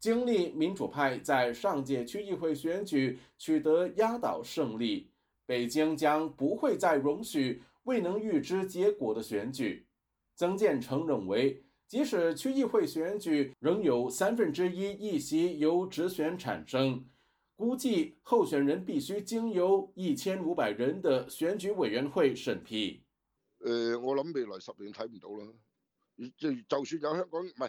經歷民主派在上屆區議會選舉取得壓倒勝利，北京將不會再容許未能預知結果的選舉。曾健成認為，即使區議會選舉仍有三分之一議席由直選產生，估計候選人必須經由一千五百人的選舉委員會審批。呃，我諗未來十年睇唔到啦。就就，就算有香港唔係。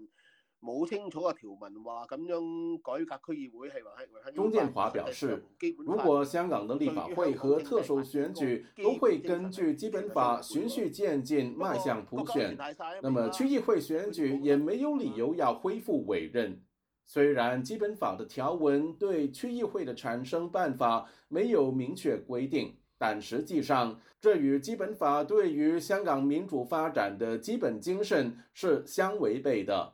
冇清楚嘅條文話咁樣改革區議會係話係。鍾建華表示，如果香港的立法會和特首選舉都會根據基本法，基本基本法循序漸進邁向普選，那麼區議會選舉也沒有理由要恢復委任。雖然基本法的條文對區議會的產生辦法沒有明確規定，但實際上，這與基本法對於香港民主發展的基本精神是相違背的。